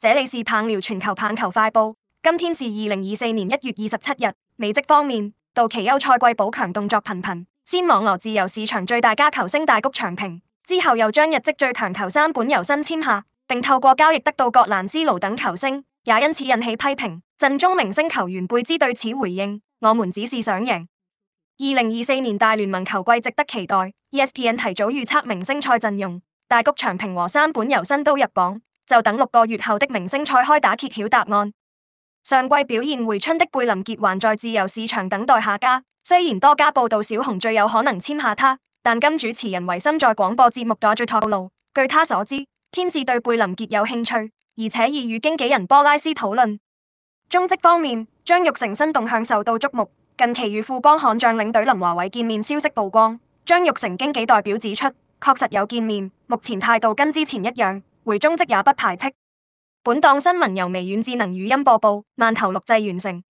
這裡是棒聊全球棒球快報，今天是二零二四年一月二十七日。美職方面，道奇休賽季補強動作頻頻，先網羅自由市場最大家球星大谷翔平，之後又將日職最強球山本由伸簽下，並透過交易得到格蘭斯盧等球星，也因此引起批評。陣中明星球員貝茲對此回應：我們只是想贏。二零二四年大聯盟球季值得期待，ESPN 提早預測明星賽陣容，大谷翔平和山本由伸都入榜。就等六個月後的明星賽開打揭曉答案。上季表現回春的貝林傑還在自由市場等待下家，雖然多家報道小熊最有可能簽下他，但今主持人維森在廣播節目打住透露，據他所知，天使對貝林傑有興趣，而且已與經紀人波拉斯討論。中職方面，張育成新動向受到矚目，近期與富邦悍將領隊林華偉見面消息曝光。張育成經紀代表指出，確實有見面，目前態度跟之前一樣。回中職也不排斥。本檔新聞由微軟智能語音播報，饅頭錄製完成。